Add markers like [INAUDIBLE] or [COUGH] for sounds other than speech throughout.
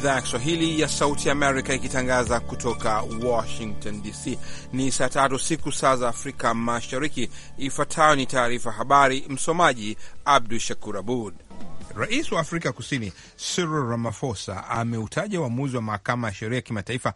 idhaa ya Kiswahili ya Sauti ya Amerika ikitangaza kutoka Washington DC. Ni saa tatu siku saa za Afrika Mashariki. Ifuatayo ni taarifa habari, msomaji Abdu Shakur Abud. Rais wa Afrika Kusini Cyril Ramaphosa ameutaja uamuzi wa mahakama ya sheria ya kimataifa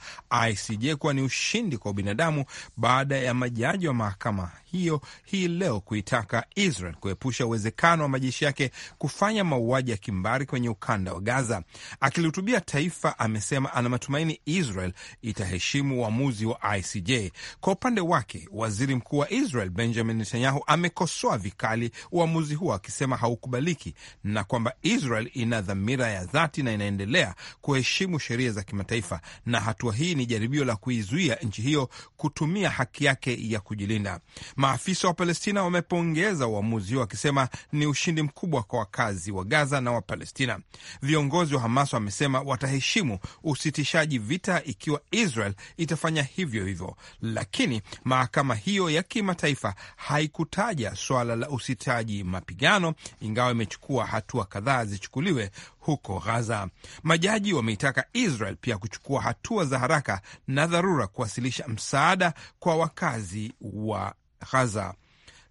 ICJ kuwa ni ushindi kwa ubinadamu baada ya majaji wa mahakama hiyo hii leo kuitaka Israel kuepusha uwezekano wa majeshi yake kufanya mauaji ya kimbari kwenye ukanda wa Gaza. Akilihutubia taifa, amesema ana matumaini Israel itaheshimu uamuzi wa ICJ. Kwa upande wake, waziri mkuu wa Israel Benjamin Netanyahu amekosoa vikali uamuzi huo akisema haukubaliki na kwamba Israel ina dhamira ya dhati na inaendelea kuheshimu sheria za kimataifa, na hatua hii ni jaribio la kuizuia nchi hiyo kutumia haki yake ya kujilinda. Maafisa wa Palestina wamepongeza uamuzi huo wakisema ni ushindi mkubwa kwa wakazi wa Gaza na Wapalestina. Viongozi wa Hamas wamesema wataheshimu usitishaji vita ikiwa Israel itafanya hivyo hivyo, lakini mahakama hiyo ya kimataifa haikutaja swala la usitaji mapigano, ingawa imechukua hatua kadhaa zichukuliwe huko ghaza Majaji wameitaka Israel pia kuchukua hatua za haraka na dharura kuwasilisha msaada kwa wakazi wa ghaza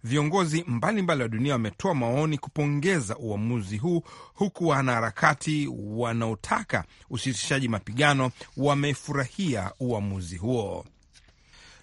Viongozi mbalimbali mbali wa dunia wametoa maoni kupongeza uamuzi huu, huku wanaharakati wanaotaka usitishaji mapigano wamefurahia uamuzi huo.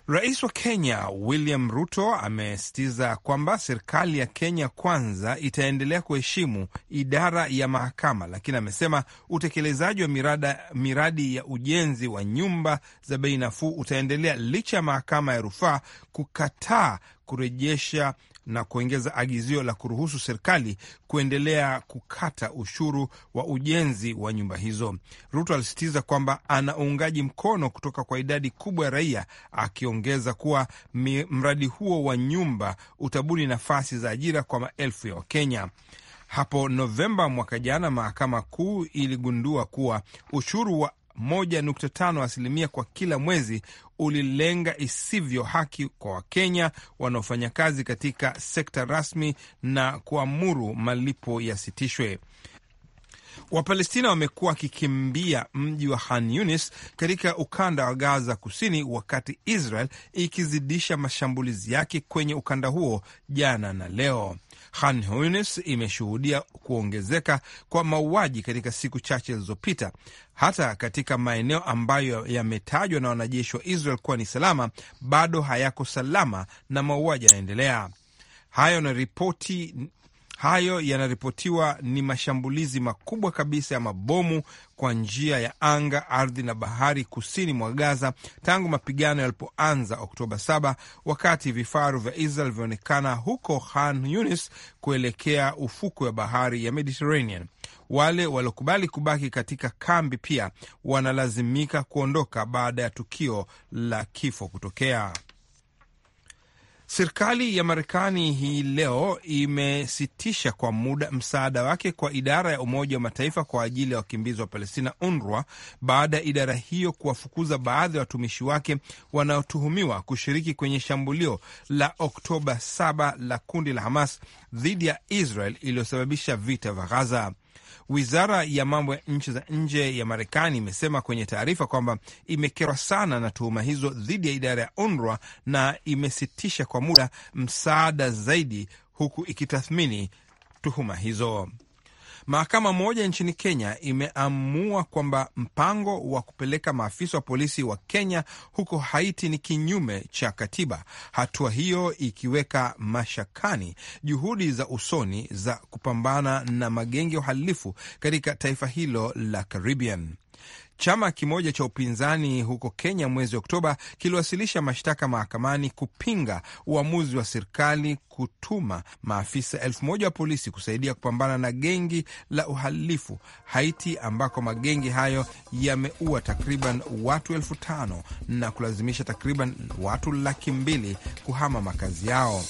Rais wa Kenya William Ruto amesisitiza kwamba serikali ya Kenya kwanza itaendelea kuheshimu idara ya mahakama, lakini amesema utekelezaji wa mirada, miradi ya ujenzi wa nyumba za bei nafuu utaendelea licha ya mahakama ya rufaa kukataa kurejesha na kuongeza agizio la kuruhusu serikali kuendelea kukata ushuru wa ujenzi wa nyumba hizo. Ruto alisisitiza kwamba ana uungaji mkono kutoka kwa idadi kubwa ya raia, akiongeza kuwa mradi huo wa nyumba utabuni nafasi za ajira kwa maelfu ya Wakenya. Hapo Novemba mwaka jana, mahakama kuu iligundua kuwa ushuru wa 1.5 asilimia kwa kila mwezi ulilenga isivyo haki kwa Wakenya wanaofanya kazi katika sekta rasmi na kuamuru malipo yasitishwe. Wapalestina wamekuwa wakikimbia mji wa Khan Yunis katika ukanda wa Gaza kusini wakati Israel ikizidisha mashambulizi yake kwenye ukanda huo jana na leo. Khan Yunis imeshuhudia kuongezeka kwa mauaji katika siku chache zilizopita, hata katika maeneo ambayo yametajwa na wanajeshi wa Israel kuwa ni salama, bado hayako salama na mauaji yanaendelea. Hayo na ripoti Hayo yanaripotiwa ni mashambulizi makubwa kabisa ya mabomu kwa njia ya anga, ardhi na bahari kusini mwa Gaza tangu mapigano yalipoanza Oktoba 7 wakati vifaru vya Israel vilionekana huko Khan Yunis kuelekea ufukwe wa bahari ya Mediterranean. Wale waliokubali kubaki katika kambi pia wanalazimika kuondoka baada ya tukio la kifo kutokea. Serikali ya Marekani hii leo imesitisha kwa muda msaada wake kwa idara ya Umoja wa Mataifa kwa ajili ya wakimbizi wa Palestina, UNRWA, baada ya idara hiyo kuwafukuza baadhi ya watumishi wake wanaotuhumiwa kushiriki kwenye shambulio la Oktoba 7 la kundi la Hamas dhidi ya Israel iliyosababisha vita vya Ghaza. Wizara ya mambo ya nchi za nje ya Marekani imesema kwenye taarifa kwamba imekerwa sana na tuhuma hizo dhidi ya idara ya UNRWA na imesitisha kwa muda msaada zaidi, huku ikitathmini tuhuma hizo. Mahakama moja nchini Kenya imeamua kwamba mpango wa kupeleka maafisa wa polisi wa Kenya huko Haiti ni kinyume cha katiba, hatua hiyo ikiweka mashakani juhudi za usoni za kupambana na magenge ya uhalifu katika taifa hilo la Caribbean. Chama kimoja cha upinzani huko Kenya mwezi Oktoba kiliwasilisha mashtaka mahakamani kupinga uamuzi wa serikali kutuma maafisa elfu moja wa polisi kusaidia kupambana na gengi la uhalifu Haiti, ambako magengi hayo yameua takriban watu elfu tano na kulazimisha takriban watu laki mbili kuhama makazi yao.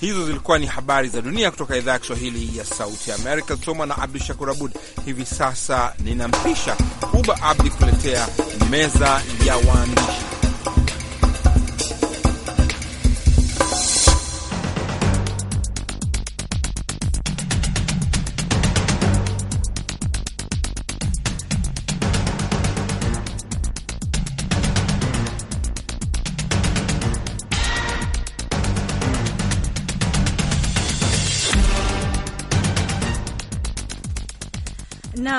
Hizo zilikuwa ni habari za dunia kutoka idhaa ya Kiswahili ya Sauti ya Amerika, zisomwa na Abdu Shakur Abud. Hivi sasa ninampisha Uba Abdi kuletea meza ya waandishi.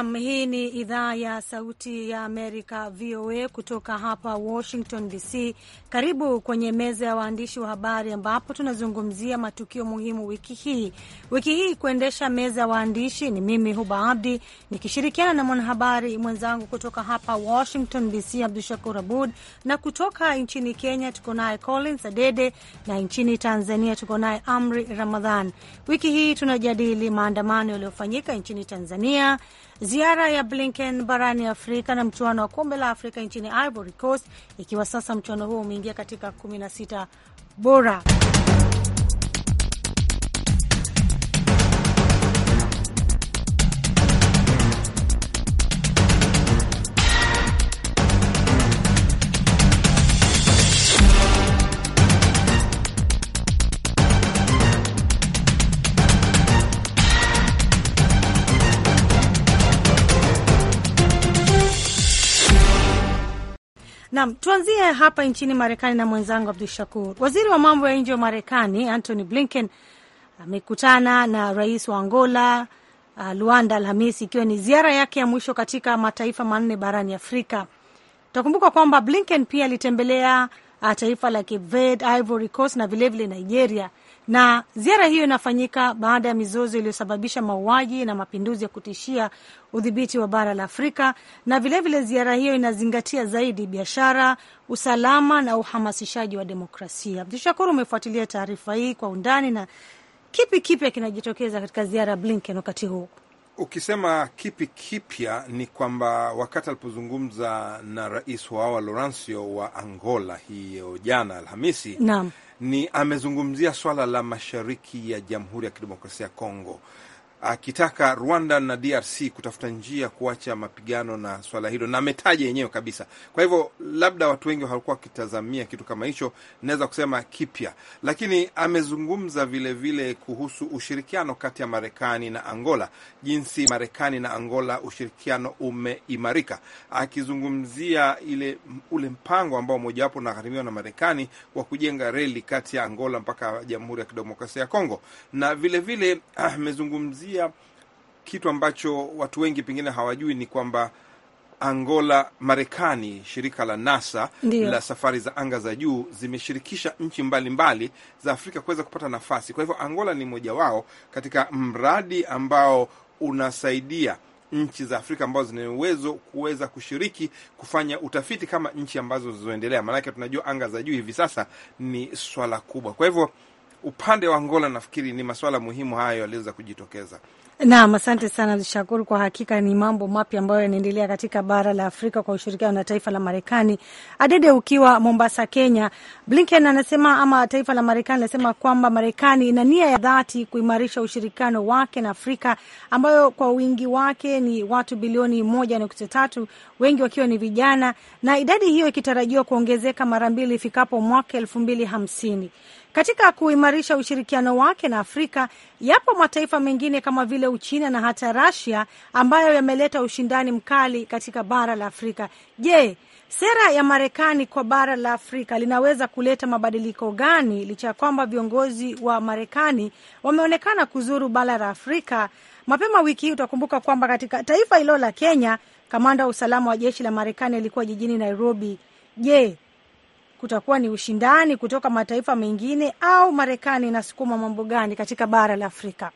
Nam, hii ni idhaa ya Sauti ya Amerika, VOA, kutoka hapa Washington DC. Karibu kwenye meza ya waandishi wa habari, ambapo tunazungumzia matukio muhimu wiki hii. Wiki hii kuendesha meza ya waandishi ni mimi Huba Abdi nikishirikiana na mwanahabari mwenzangu kutoka hapa Washington DC, Abdu Shakur Abud, na kutoka nchini Kenya tuko naye Collins Adede, na nchini Tanzania tuko naye Amri Ramadhan. Wiki hii tunajadili maandamano yaliyofanyika nchini Tanzania Ziara ya Blinken barani Afrika na mchuano wa kombe la Afrika nchini Ivory Coast, ikiwa sasa mchuano huo umeingia katika 16 bora Nam, tuanzie hapa nchini Marekani na mwenzangu Abdu Shakur. Waziri wa mambo ya nje wa Marekani Antony Blinken amekutana na rais wa Angola uh, Luanda Alhamisi, ikiwa ni ziara yake ya mwisho katika mataifa manne barani Afrika. Utakumbuka kwamba Blinken pia alitembelea uh, taifa la Cape Verde, Ivory Coast na vilevile Nigeria na ziara hiyo inafanyika baada ya mizozo iliyosababisha mauaji na mapinduzi ya kutishia udhibiti wa bara la Afrika. Na vilevile vile ziara hiyo inazingatia zaidi biashara, usalama na uhamasishaji wa demokrasia. Tushakuru, umefuatilia taarifa hii kwa undani, na kipi kipya kinajitokeza katika ziara ya Blinken wakati huu? Ukisema kipi kipya ni kwamba wakati alipozungumza na rais wao Laurencio wa Angola hiyo jana Alhamisi, naam ni amezungumzia swala la mashariki ya Jamhuri ya Kidemokrasia ya Kongo akitaka Rwanda na DRC kutafuta njia kuacha mapigano na swala hilo, na ametaja yenyewe kabisa. Kwa hivyo, labda watu wengi hawakuwa wakitazamia kitu kama hicho, naweza kusema kipya, lakini amezungumza vilevile vile kuhusu ushirikiano kati ya Marekani na Angola, jinsi Marekani na Angola ushirikiano umeimarika, akizungumzia ile ule mpango ambao mojawapo unagharimiwa na Marekani wa kujenga reli kati ya Angola mpaka Jamhuri ya Kidemokrasia ya Kongo, na vilevile ah, amezungumzia pia kitu ambacho watu wengi pengine hawajui ni kwamba Angola, Marekani, shirika la NASA Ndiyo. la safari za anga za juu zimeshirikisha nchi mbalimbali mbali za Afrika kuweza kupata nafasi. Kwa hivyo Angola ni mmoja wao katika mradi ambao unasaidia nchi za Afrika ambazo zina uwezo kuweza kushiriki kufanya utafiti kama nchi ambazo zilizoendelea, maanake tunajua anga za juu hivi sasa ni swala kubwa. Kwa hivyo upande wa Angola nafikiri ni masuala muhimu hayo yaliweza kujitokeza. Naam, asante sana Abdushakur. Kwa hakika ni mambo mapya ambayo yanaendelea katika bara la Afrika kwa ushirikiano na taifa la Marekani. Adede, ukiwa Mombasa, Kenya, Blinken anasema ama taifa la Marekani anasema kwamba Marekani ina nia ya dhati kuimarisha ushirikiano wake na Afrika ambayo kwa wingi wake ni watu bilioni moja nukta tatu, wengi wakiwa ni vijana, na idadi hiyo ikitarajiwa kuongezeka mara mbili ifikapo mwaka elfu mbili hamsini katika kuimarisha ushirikiano wake na Afrika. Yapo mataifa mengine kama vile Uchina na hata Rasia ambayo yameleta ushindani mkali katika bara la Afrika. Je, sera ya Marekani kwa bara la Afrika linaweza kuleta mabadiliko gani, licha ya kwamba viongozi wa Marekani wameonekana kuzuru bara la Afrika? Mapema wiki hii utakumbuka kwamba katika taifa hilo la Kenya, kamanda wa usalama wa jeshi la Marekani alikuwa jijini Nairobi. Je, kutakuwa ni ushindani kutoka mataifa mengine au Marekani inasukuma mambo gani katika bara la Afrika?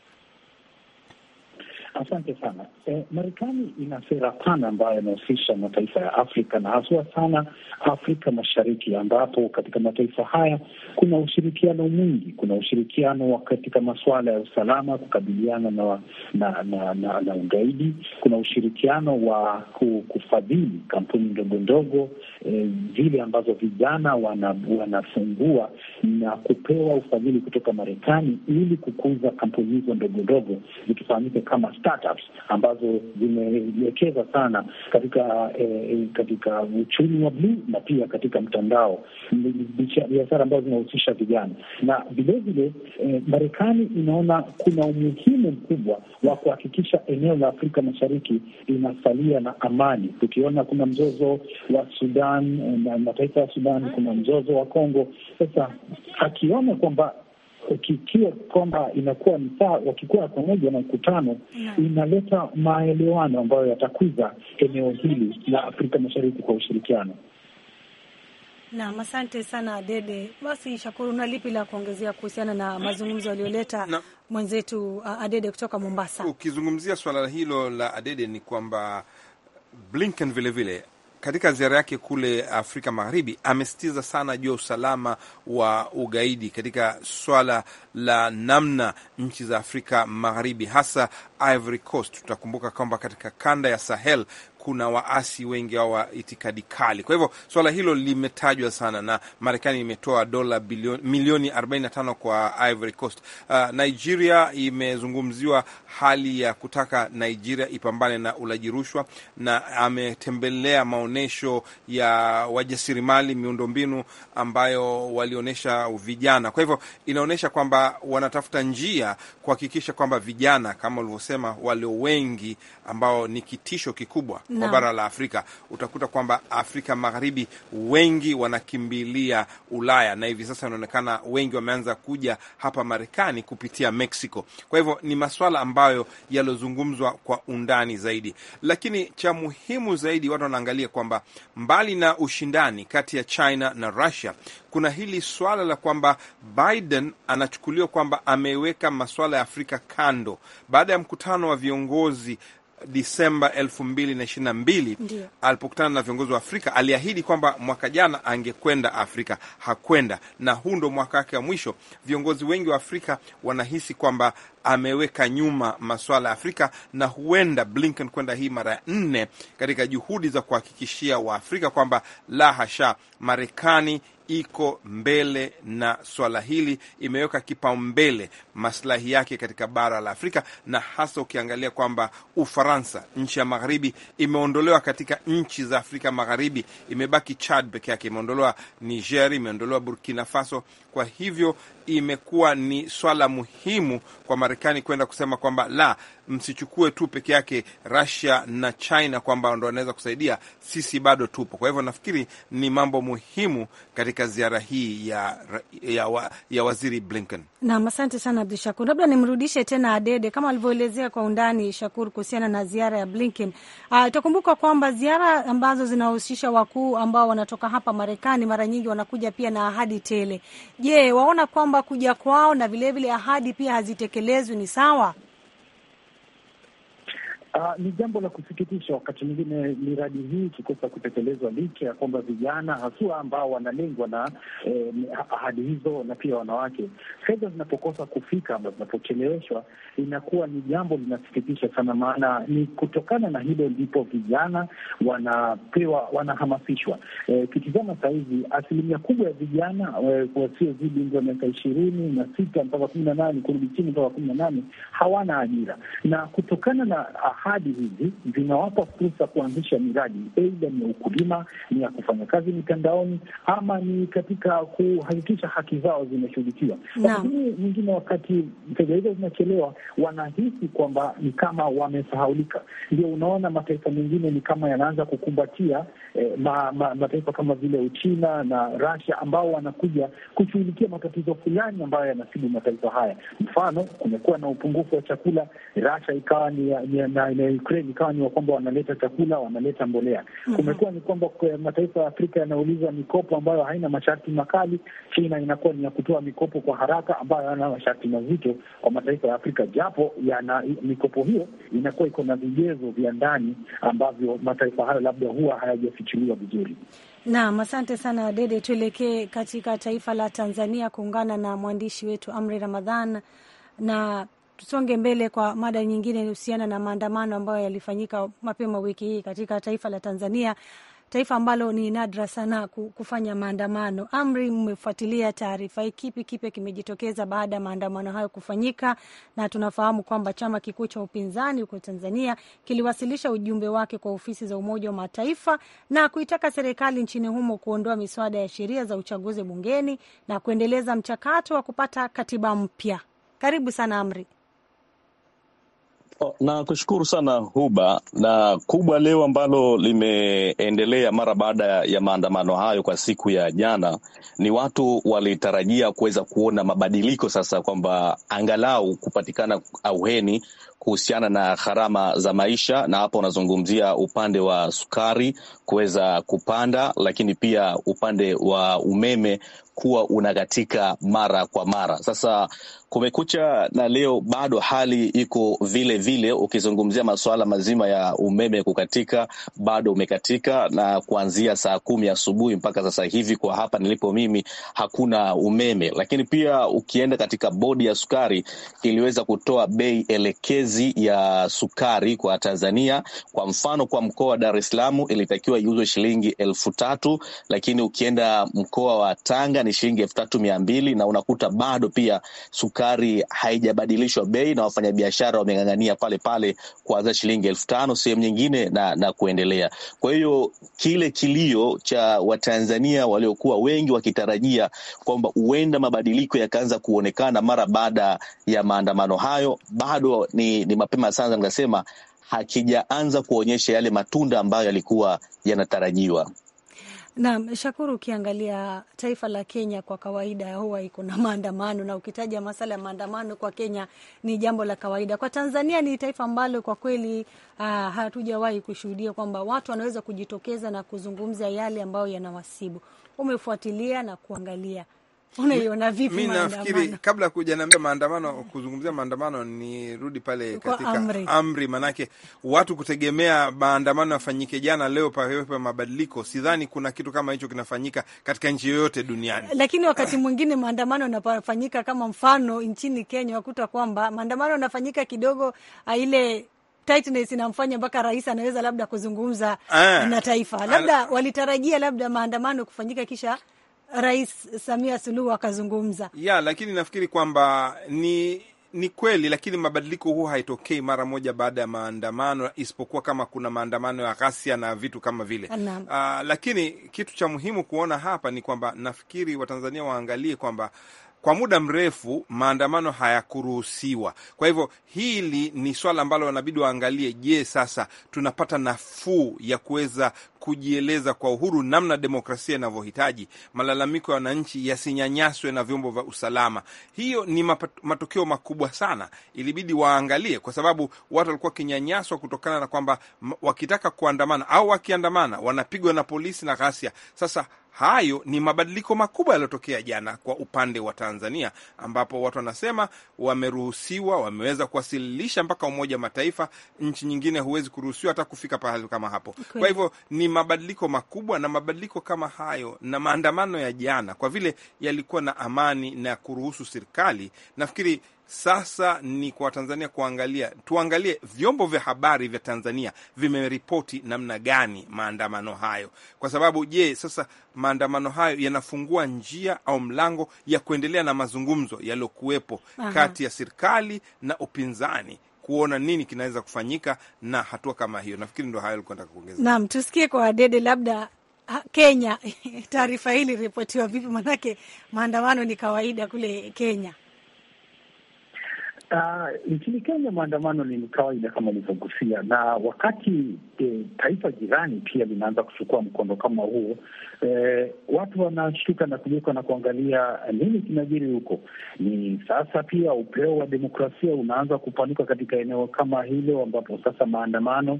Asante sana. E, Marekani ina sera pana ambayo inahusisha mataifa ya Afrika na haswa sana Afrika Mashariki, ambapo katika mataifa haya kuna ushirikiano mwingi. Kuna ushirikiano katika masuala ya usalama, kukabiliana na na na, na, na ugaidi. Kuna ushirikiano wa kufadhili kampuni ndogo ndogo e, zile ambazo vijana wanafungua na kupewa ufadhili kutoka Marekani ili kukuza kampuni hizo ndogo ndogo zikifahamika kama startups ambazo zimewekeza sana katika eh, katika uchumi wa bluu na pia katika mtandao, biashara ambazo zinahusisha vijana. Na vilevile eh, Marekani inaona kuna umuhimu mkubwa wa kuhakikisha eneo la Afrika Mashariki linasalia na amani. Tukiona kuna mzozo wa Sudan eh, na mataifa ya Sudan, kuna mzozo wa Kongo, sasa akiona kwamba ukikiwa kwamba inakuwa mtaa wakikuwa pamoja na mkutano yeah, inaleta maelewano ambayo yatakuza eneo hili la Afrika Mashariki kwa ushirikiano. Naam, asante sana Dede. Basi Shakuru, una lipi la kuongezea kuhusiana na mazungumzo yaliyoleta mwenzetu Adede kutoka Mombasa? Ukizungumzia swala hilo la Adede ni kwamba Blinken vilevile katika ziara yake kule Afrika Magharibi amesitiza sana juu ya usalama wa ugaidi katika swala la namna nchi za Afrika Magharibi hasa Ivory Coast. Tutakumbuka kwamba katika kanda ya Sahel kuna waasi wengi au wa itikadi kali. Kwa hivyo suala hilo limetajwa sana, na Marekani imetoa dola milioni 45 kwa Ivory Coast. Uh, Nigeria imezungumziwa hali ya kutaka Nigeria ipambane na ulaji rushwa, na ametembelea maonyesho ya wajasirimali miundombinu ambayo walionyesha vijana. Kwa hivyo inaonyesha kwamba wanatafuta njia kuhakikisha kwamba vijana kama ulivyo kusema walio wengi ambao ni kitisho kikubwa no. kwa bara la Afrika. Utakuta kwamba Afrika Magharibi wengi wanakimbilia Ulaya, na hivi sasa inaonekana wengi wameanza kuja hapa Marekani kupitia Mexico. Kwa hivyo ni maswala ambayo yaliyozungumzwa kwa undani zaidi, lakini cha muhimu zaidi watu wanaangalia kwamba mbali na ushindani kati ya China na Russia kuna hili swala la kwamba Biden anachukuliwa kwamba ameweka masuala ya Afrika kando baada ya mkutano wa viongozi Disemba elfu na alipokutana na viongozi wa Afrika aliahidi kwamba mwaka jana angekwenda Afrika, hakwenda, na huu ndo mwaka wake wa mwisho. Viongozi wengi wa Afrika wanahisi kwamba ameweka nyuma masuala ya Afrika na huenda Blinken kwenda hii mara ya nne katika juhudi za kuhakikishia Waafrika kwamba la hasha, Marekani iko mbele na swala hili, imeweka kipaumbele maslahi yake katika bara la Afrika, na hasa ukiangalia kwamba Ufaransa, nchi ya magharibi, imeondolewa katika nchi za Afrika Magharibi, imebaki Chad peke yake, imeondolewa Niger, imeondolewa Burkina Faso. Kwa hivyo imekuwa ni swala muhimu kwa Marekani kwenda kusema kwamba la msichukue tu peke yake Russia na China kwamba ndo wanaweza kusaidia, sisi bado tupo. Kwa hivyo nafikiri ni mambo muhimu katika ziara hii ya, ya, wa, ya waziri Blinken. Naam, asante sana Abdu Shakur. Labda nimrudishe tena Adede kama alivyoelezea kwa undani Shakur kuhusiana na ziara ya Blinken. Uh, ah, itakumbuka kwamba ziara ambazo zinahusisha wakuu ambao wanatoka hapa Marekani mara nyingi wanakuja pia na ahadi tele. Je, waona kwamba kuja kwao na vilevile ahadi pia hazitekelezwi ni sawa? Uh, ni jambo la kusikitisha wakati mwingine miradi hii ikikosa kutekelezwa licha ya kwamba vijana haswa ambao wanalengwa na eh, ahadi hizo na pia wanawake, fedha zinapokosa kufika ama zinapocheleweshwa inakuwa ni jambo linasikitisha sana, maana ni kutokana na hilo ndipo vijana wanapewa wanahamasishwa. Eh, kitizama sahizi asilimia kubwa ya vijana eh, wasiozidi umri wa miaka ishirini na sita mpaka kumi na nane kurudi chini mpaka kumi na nane hawana ajira na kutokana na ah, ahadi hizi zinawapa fursa kuanzisha miradi, aidha ni ya ukulima, ni ya kufanya kazi mitandaoni, ama ni katika kuhakikisha haki zao zinashughulikiwa. Lakini nyingine, wakati fedha hizo zinachelewa, wanahisi kwamba ni kama wamesahaulika. Ndio unaona mataifa mengine ni kama yanaanza kukumbatia eh, ma, ma, mataifa kama vile Uchina na Rasia ambao wanakuja kushughulikia matatizo fulani ambayo yanasibu mataifa haya. Mfano, kumekuwa na upungufu wa chakula, Rasia ikawa ni, ni, na eneo Ukraine ikawa ni kwamba wanaleta chakula, wanaleta mbolea. Mhm. Kumekuwa ni kwamba mataifa ya Afrika yanauliza mikopo ambayo haina masharti makali. China inakuwa ni ya kutoa mikopo kwa haraka ambayo yana masharti mazito kwa mataifa ya Afrika, japo yana mikopo hiyo inakuwa iko na vigezo vya ndani ambavyo mataifa hayo labda huwa hayajafichuliwa vizuri. Naam, asante sana Dede. Tuelekee katika taifa la Tanzania kuungana na mwandishi wetu Amri Ramadhan na Tusonge mbele kwa mada nyingine inahusiana na maandamano ambayo yalifanyika mapema wiki hii katika taifa la Tanzania, taifa ambalo ni nadra sana kufanya maandamano. Amri, mmefuatilia taarifa hii, kipi kipya kimejitokeza baada ya maandamano hayo kufanyika? Na tunafahamu kwamba chama kikuu cha upinzani huko Tanzania kiliwasilisha ujumbe wake kwa ofisi za Umoja wa Mataifa na kuitaka serikali nchini humo kuondoa miswada ya sheria za uchaguzi bungeni na kuendeleza mchakato wa kupata katiba mpya. Karibu sana Amri. Na kushukuru sana Huba, na kubwa leo ambalo limeendelea mara baada ya maandamano hayo kwa siku ya jana, ni watu walitarajia kuweza kuona mabadiliko sasa, kwamba angalau kupatikana auheni kuhusiana na gharama za maisha, na hapo unazungumzia upande wa sukari kuweza kupanda, lakini pia upande wa umeme kuwa unakatika mara kwa mara. Sasa kumekucha na leo bado hali iko vile vile. Ukizungumzia masuala mazima ya umeme kukatika, bado umekatika na kuanzia saa kumi asubuhi mpaka sasa hivi kwa hapa nilipo mimi hakuna umeme. Lakini pia ukienda katika bodi ya sukari iliweza kutoa bei elekezi matumizi ya sukari kwa Tanzania, kwa mfano kwa mkoa wa Dar es Salaam ilitakiwa iuzwe shilingi elfu tatu lakini ukienda mkoa wa Tanga ni shilingi elfu tatu mia mbili na unakuta bado pia sukari haijabadilishwa bei, na wafanyabiashara wameng'ang'ania pale pale kuanza shilingi elfu tano sehemu nyingine na, na kuendelea. Kwa hiyo kile kilio cha Watanzania waliokuwa wengi wakitarajia kwamba huenda mabadiliko yakaanza kuonekana mara baada ya maandamano hayo bado ni ni, mapema sana nikasema hakijaanza kuonyesha yale matunda ambayo yalikuwa yanatarajiwa. Naam, Shakuru, ukiangalia taifa la Kenya kwa kawaida huwa iko na maandamano, na ukitaja masala ya maandamano kwa Kenya ni jambo la kawaida. Kwa Tanzania ni taifa ambalo kwa kweli uh, hatujawahi kushuhudia kwamba watu wanaweza kujitokeza na kuzungumza yale ambayo yanawasibu. Umefuatilia na kuangalia Unaiona vipi? Mi nafikiri kabla kuja naambia maandamano kuzungumzia maandamano, nirudi pale katika amri, amri manake watu kutegemea maandamano yafanyike jana leo pawepo mabadiliko. Sidhani kuna kitu kama hicho kinafanyika katika nchi yoyote duniani, lakini wakati mwingine maandamano yanafanyika kama mfano nchini Kenya, wakuta kwamba maandamano yanafanyika kidogo ah, ile tightness inamfanya mpaka rais anaweza labda kuzungumza eh. na taifa, labda walitarajia labda maandamano kufanyika kisha Rais Samia Suluhu akazungumza ya, lakini nafikiri kwamba ni ni kweli lakini mabadiliko huu haitokei mara moja baada ya maandamano, isipokuwa kama kuna maandamano ya ghasia na vitu kama vile Uh, Lakini kitu cha muhimu kuona hapa ni kwamba nafikiri Watanzania waangalie kwamba kwa muda mrefu maandamano hayakuruhusiwa. Kwa hivyo hili ni swala ambalo wanabidi waangalie, je, sasa tunapata nafuu ya kuweza kujieleza kwa uhuru namna demokrasia inavyohitaji, malalamiko ya wananchi yasinyanyaswe na vyombo vya usalama. Hiyo ni matokeo makubwa sana, ilibidi waangalie, kwa sababu watu walikuwa wakinyanyaswa kutokana na kwamba wakitaka kuandamana au wakiandamana wanapigwa na polisi na ghasia. Sasa hayo ni mabadiliko makubwa yaliyotokea jana kwa upande wa Tanzania, ambapo watu wanasema wameruhusiwa, wameweza kuwasilisha mpaka Umoja wa Mataifa. Nchi nyingine huwezi kuruhusiwa hata kufika pahali kama hapo. Kwa hivyo ni mabadiliko makubwa, na mabadiliko kama hayo na maandamano ya jana, kwa vile yalikuwa na amani na kuruhusu serikali, nafikiri sasa ni kwa Tanzania kuangalia, tuangalie vyombo vya habari vya Tanzania vimeripoti namna gani maandamano hayo, kwa sababu je, sasa maandamano hayo yanafungua njia au mlango ya kuendelea na mazungumzo yaliyokuwepo kati ya serikali na upinzani kuona nini kinaweza kufanyika na hatua kama hiyo. Nafikiri ndo hayo alikuwa nataka kuongeza. Naam, tusikie kwa Dede labda Kenya [LAUGHS] taarifa hili ilipotiwa vipi? Manake maandamano ni kawaida kule Kenya. Uh, nchini uh, Kenya maandamano ni kawaida kama ilivyogusia na wakati e, taifa jirani pia linaanza kuchukua mkondo kama huo e, watu wanashtuka na kujuka na kuangalia nini kinajiri huko. Ni sasa pia upeo wa demokrasia unaanza kupanuka katika eneo kama hilo, ambapo sasa maandamano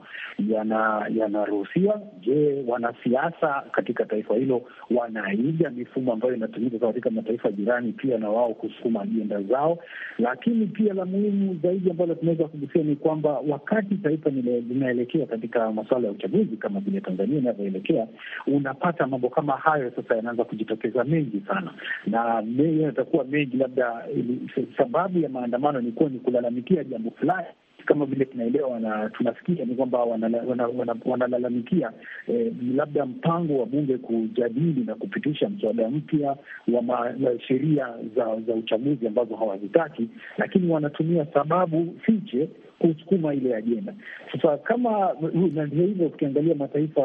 yanaruhusiwa. Yana je, wanasiasa katika taifa hilo wanaiga mifumo ambayo inatumika katika mataifa jirani pia na wao kusukuma ajenda zao, lakini pia la muhimu zaidi ambalo tunaweza kugusia ni kwamba wakati taifa linaelekea katika masuala ya uchaguzi kama vile Tanzania inavyoelekea, unapata mambo kama hayo sasa yanaanza kujitokeza mengi sana, na yatakuwa mengi, labda sababu ya maandamano ni kuwa ni kulalamikia jambo fulani kama vile tunaelewa na tunafikia ni kwamba wanalalamikia eh, labda mpango wa bunge kujadili na kupitisha mswada mpya wa sheria za, za uchaguzi ambazo hawazitaki, lakini wanatumia sababu fiche kusukuma ile ajenda. Sasa kama ndio hivyo, ukiangalia mataifa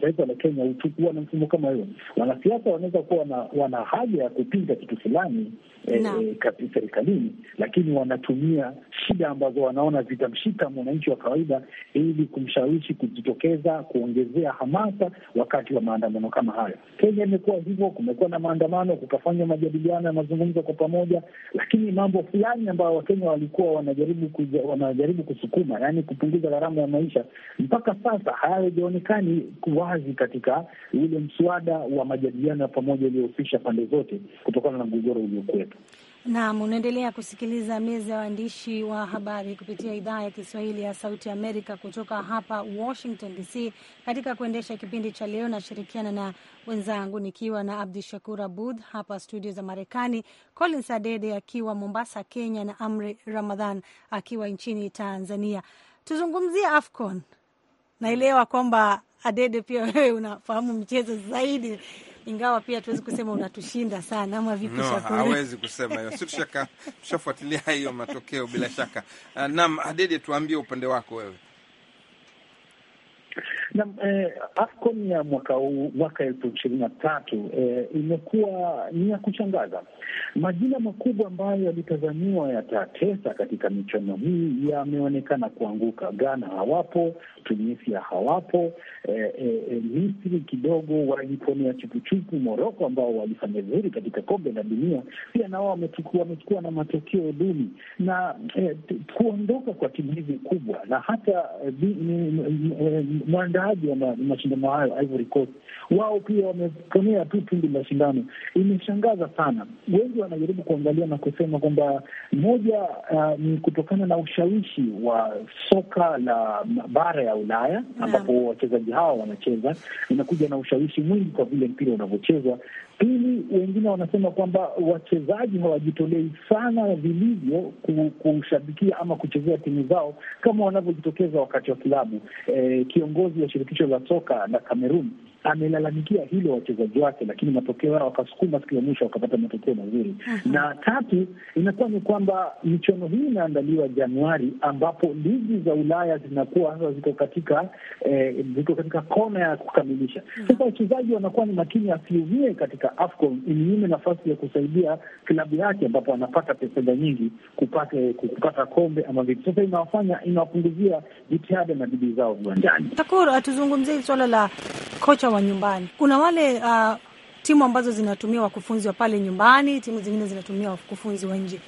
taifa la Kenya huchukua na mfumo kama hiyo, wanasiasa wanaweza kuwa wana haja ya kupinga kitu fulani eh, katika eh, serikalini, lakini wanatumia shida ambazo wanaona zitamshika mwananchi wa kawaida ili kumshawishi kujitokeza, kuongezea hamasa wakati wa maandamano kama hayo. Kenya imekuwa hivyo, kumekuwa na maandamano, kukafanywa majadiliano ya mazungumzo kwa pamoja, lakini mambo fulani ambayo Wakenya walikuwa wanajaribu kuja, wanajaribu kusukuma, yani kupunguza gharama ya maisha, mpaka sasa hayajaonekani wazi katika ule mswada wa majadiliano ya pamoja iliyohusisha pande zote kutokana na mgogoro uliokuwepo. Naam, unaendelea kusikiliza meza ya waandishi wa habari kupitia idhaa ya Kiswahili ya Sauti Amerika kutoka hapa Washington DC. Katika kuendesha kipindi cha leo, nashirikiana na wenzangu nikiwa na Abdu Shakur Abud hapa studio za Marekani, Collins Adede akiwa Mombasa, Kenya, na Amri Ramadhan akiwa nchini Tanzania. Tuzungumzie AFCON. Naelewa kwamba Adede, pia wewe unafahamu mchezo zaidi ingawa pia tuwezi kusema unatushinda sana ama vipi? No, hawezi kusema hiyo, si tushafuatilia hiyo matokeo bila shaka. Uh, ah, nam Adede, tuambie upande wako wewe. Naam, eh, AFCON ya mwaka huu mwaka elfu ishirini na tatu eh, imekuwa ni ya kushangaza Majina makubwa ambayo yalitazamiwa yatatesa katika michuano hii yameonekana kuanguka. Ghana hawapo, Tunisia hawapo. E, e, e, Misri kidogo waliponea chupuchupu. Moroko ambao walifanya vizuri katika kombe la dunia pia nao wamechukua na matokeo duni, na e, kuondoka kwa timu hizi kubwa na hata e, e, mwandaaji wa mashindano hayo Ivory Coast, wao pia wameponea tu tundu la shindano. Imeshangaza sana, wengi wanajaribu kuangalia na kusema kwamba moja ni uh, kutokana na ushawishi wa soka la bara ya Ulaya ambapo wachezaji hawa wanacheza, inakuja na ushawishi mwingi kwa vile mpira unavyochezwa. Pili, wengine wanasema kwamba wachezaji hawajitolei sana vilivyo kushabikia ama kuchezea timu zao kama wanavyojitokeza wakati wa kilabu. E, kiongozi wa shirikisho la soka la Kamerun amelalamikia hilo wachezaji wake, lakini matokeo yao wakasukuma siku ya mwisho wakapata matokeo mazuri. Na tatu inakuwa ni kwamba michuano hii inaandaliwa Januari, ambapo ligi za Ulaya zinakuwa sasa ziko katika eh, ziko katika kona ya kukamilisha hmm. sasa. Wachezaji wanakuwa ni makini asiumie katika AFCON iniume nafasi ya kusaidia klabu yake, ambapo anapata pesa nyingi kupata kupata kombe ama vitu. Sasa inawafanya inawapunguzia jitihada na bidii zao viwanjani. Takuru, atuzungumzie swala la kocha wa nyumbani. Kuna wale uh, timu ambazo zinatumia wakufunzi wa pale nyumbani, timu zingine zinatumia wakufunzi wa nje.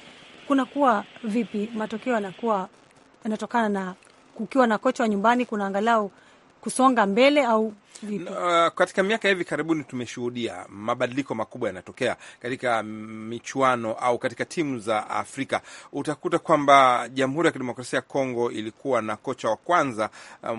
Kunakuwa vipi? Matokeo yanakuwa yanatokana na kukiwa na kocha wa nyumbani, kuna angalau kusonga mbele au katika miaka hivi karibuni tumeshuhudia mabadiliko makubwa yanatokea katika michuano au katika timu za Afrika. Utakuta kwamba Jamhuri ya Kidemokrasia ya Kongo ilikuwa na kocha wa kwanza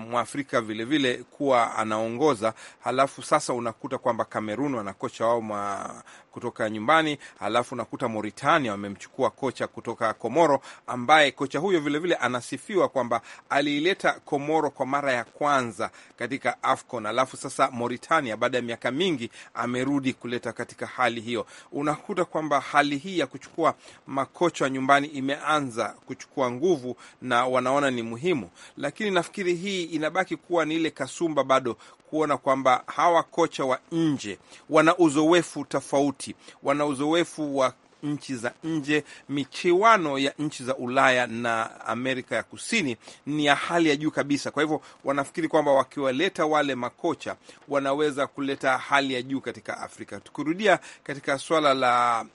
Mwafrika um, vilevile kuwa anaongoza, halafu sasa unakuta kwamba Kamerun wana kocha wao ma kutoka nyumbani, alafu unakuta Mauritania wamemchukua kocha kutoka Komoro, ambaye kocha huyo vilevile anasifiwa kwamba aliileta Komoro kwa mara ya kwanza katika AFCON halafu alafu sasa Mauritania baada ya miaka mingi amerudi kuleta katika hali hiyo. Unakuta kwamba hali hii ya kuchukua makocha nyumbani imeanza kuchukua nguvu na wanaona ni muhimu, lakini nafikiri hii inabaki kuwa ni ile kasumba bado kuona kwamba hawa kocha wa nje wana uzoefu tofauti, wana uzoefu wa nchi za nje. Michiwano ya nchi za Ulaya na Amerika ya Kusini ni ya hali ya juu kabisa. Kwa hivyo wanafikiri kwamba wakiwaleta wale makocha wanaweza kuleta hali ya juu katika Afrika. Tukirudia katika swala la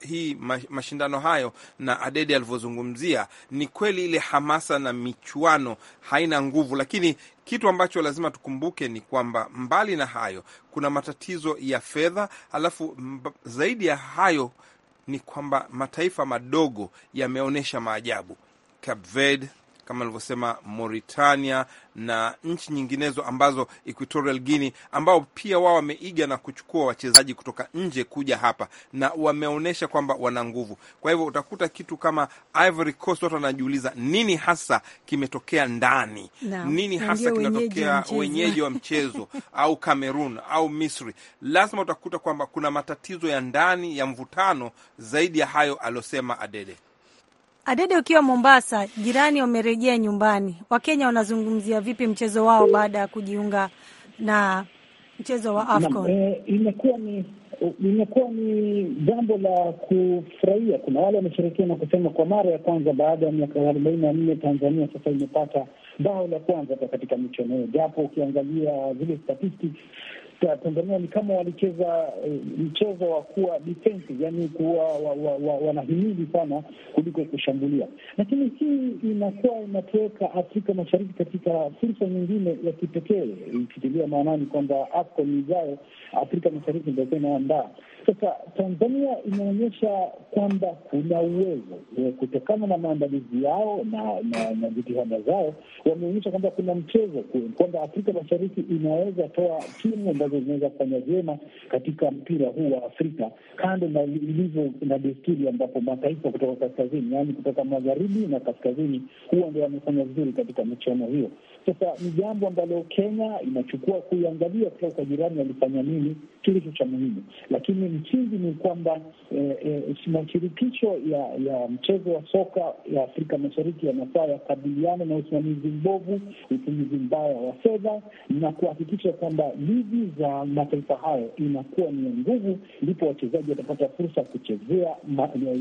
hii mashindano hayo na Adede alivyozungumzia, ni kweli ile hamasa na michuano haina nguvu, lakini kitu ambacho lazima tukumbuke ni kwamba mbali na hayo kuna matatizo ya fedha, alafu zaidi ya hayo ni kwamba mataifa madogo yameonyesha maajabu. Cape Verde, kama alivyosema Mauritania na nchi nyinginezo ambazo Equatorial Guinea, ambao pia wao wameiga na kuchukua wachezaji kutoka nje kuja hapa na wameonyesha kwamba wana nguvu. Kwa hivyo utakuta kitu kama Ivory Coast, watu wanajiuliza nini hasa kimetokea ndani na, nini hasa kinatokea wenyeji wa mchezo [LAUGHS] au Cameroon au Misri. Lazima utakuta kwamba kuna matatizo ya ndani ya mvutano zaidi ya hayo aliosema Adede. Adede, ukiwa Mombasa, jirani wamerejea nyumbani, Wakenya wanazungumzia vipi mchezo wao baada ya kujiunga na mchezo wa AFCON? Eh, imekuwa ni imekuwa ni jambo la kufurahia. Kuna wale wameshirikia na kusema kwa mara ya kwanza baada ya miaka arobaini na nne Tanzania sasa imepata bao la kwanza katika michuano hiyo, japo ukiangalia zile statistics cha Tanzania ni kama walicheza eh, mchezo wa kuwa defensive, yani kuwa wanahimili sana kuliko kushambulia. Lakini hii inakuwa inatuweka Afrika Mashariki katika fursa nyingine ya kipekee, ikitilia maanani kwamba AFCON ijayo Afrika Mashariki itakuwa inaandaa. Sasa Tanzania imeonyesha kwamba kuna uwezo eh, kutokana na maandalizi yao na, na, na jitihada zao, wameonyesha kwamba kuna mchezo kwamba Afrika Mashariki inaweza toa timu ambazo ambazo zinaweza kufanya vyema katika mpira huu wa Afrika, kando na ilivyo na desturi ambapo mataifa kutoka kaskazini, yaani kutoka magharibi na kaskazini, huwa ndio wamefanya vizuri katika michuano hiyo. Sasa ni jambo ambalo Kenya inachukua kuiangalia kutoka kwa jirani walifanya nini, kilicho cha muhimu. Lakini msingi ni kwamba eh, eh, mashirikisho ya ya mchezo wa soka ya Afrika Mashariki yanafaa yakabiliane na usimamizi mbovu, utumizi mbaya wa fedha na kuhakikisha kwamba ligi za mataifa hayo inakuwa ni nguvu, ndipo wachezaji watapata fursa ya kuchezea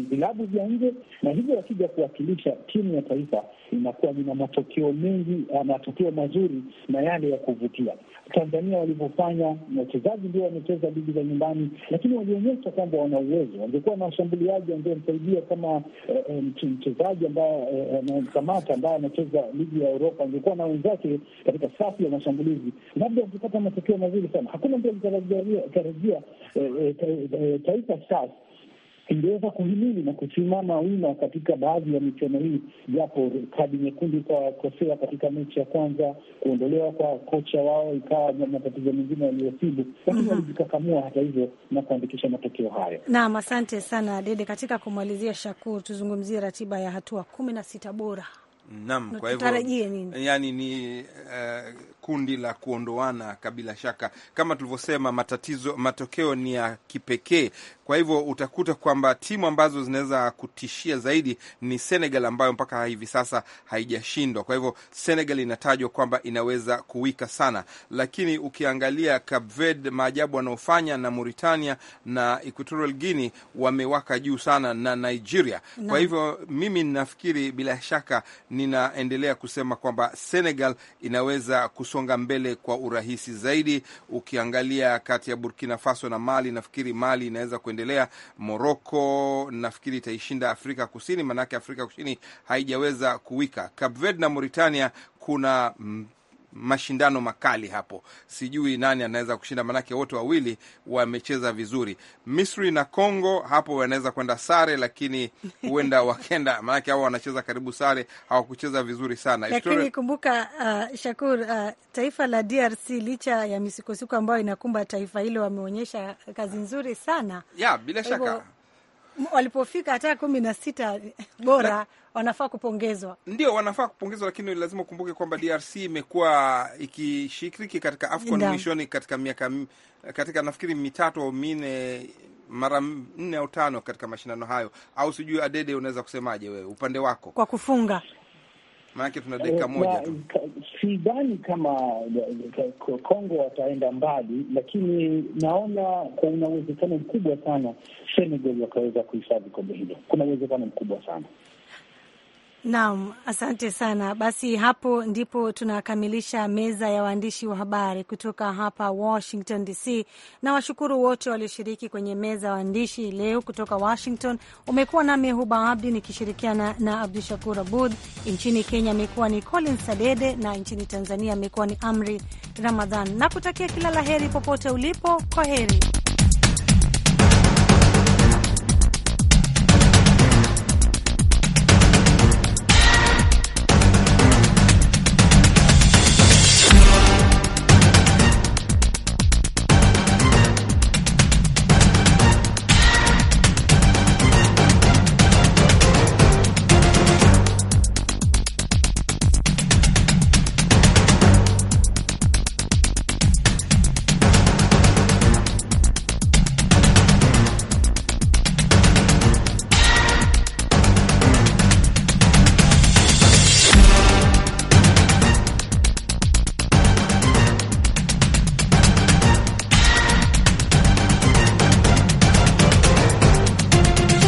vilabu vya nje, na hivyo wakija kuwakilisha timu ya taifa inakuwa ina matokeo mengi, ama matukio mazuri na yale ya kuvutia. Tanzania walivyofanya, wachezaji ndio wamecheza ligi za nyumbani, lakini walionyesha kwamba wana uwezo. Wangekuwa na washambuliaji angemsaidia kama eh, eh, mchezaji ambaye anamkamata eh, ambaye anacheza ligi ya Uropa, angekuwa na wenzake katika safu ya mashambulizi, labda wangepata matokeo mazuri sana. Hakuna mtu alitarajia taifa sasa Kingeweza kuhimili na kusimama wima katika baadhi ya michuano hii, japo kadi nyekundu ikawakosea katika mechi ya kwanza, kuondolewa kwa kocha wao ikawa na matatizo mengine yaliyosibu, lakini mhm. walijikakamua hata hivyo na kuandikisha matokeo hayo. Naam, asante sana Dede. Katika kumalizia, Shakur, tuzungumzie ratiba ya hatua kumi na sita bora. Naam, kwa hivyo nini? Yani ni uh, kundi la kuondoana. kabila shaka kama tulivyosema, matatizo matokeo ni ya kipekee. Kwa hivyo utakuta kwamba timu ambazo zinaweza kutishia zaidi ni Senegal ambayo mpaka hivi sasa haijashindwa. Kwa hivyo Senegal inatajwa kwamba inaweza kuwika sana, lakini ukiangalia Cape Verde, maajabu wanaofanya na Mauritania na Equatorial Guinea wamewaka juu sana na Nigeria Kwa hivyo mimi nafikiri bila shaka ninaendelea kusema kwamba Senegal inaweza kus kusonga mbele kwa urahisi zaidi. Ukiangalia kati ya Burkina Faso na Mali, nafikiri Mali inaweza kuendelea. Moroko nafikiri itaishinda Afrika Kusini, maanake Afrika Kusini haijaweza kuwika. Cape Verde na Mauritania kuna mashindano makali hapo. Sijui nani anaweza kushinda, manake wote wawili wamecheza vizuri. Misri na congo hapo wanaweza kwenda sare, lakini [LAUGHS] huenda wakenda, manake hao wanacheza karibu sare, hawakucheza vizuri sana. Lakini kumbuka, uh, Shakur, uh, taifa la DRC licha ya misukosuko ambayo inakumba taifa hilo, wameonyesha kazi nzuri sana ya, bila shaka Ebo walipofika hata kumi na sita bora na, wanafaa kupongezwa, ndio wanafaa kupongezwa, lakini lazima ukumbuke kwamba DRC imekuwa ikishiriki katika AFCON mwishoni katika miaka katika nafikiri mitatu au minne mara nne au tano katika mashindano hayo, au sijui Adede, unaweza kusemaje wewe upande wako kwa kufunga maanake tuna eh, dakika moja tu. Sidhani kama eh, Kongo wataenda mbali, lakini naona kuna uwezekano mkubwa sana Senegal wakaweza kuhifadhi kombe hilo. Kuna uwezekano mkubwa sana Naam, asante sana. Basi hapo ndipo tunakamilisha meza ya waandishi wa habari kutoka hapa Washington DC, na washukuru wote walioshiriki kwenye meza ya waandishi leo kutoka Washington. Umekuwa nami Huba Abdi nikishirikiana na Abdu Shakur Abud. Nchini Kenya amekuwa ni Colin Sadede na nchini Tanzania amekuwa ni Amri Ramadhan, na kutakia kila la heri popote ulipo. Kwa heri.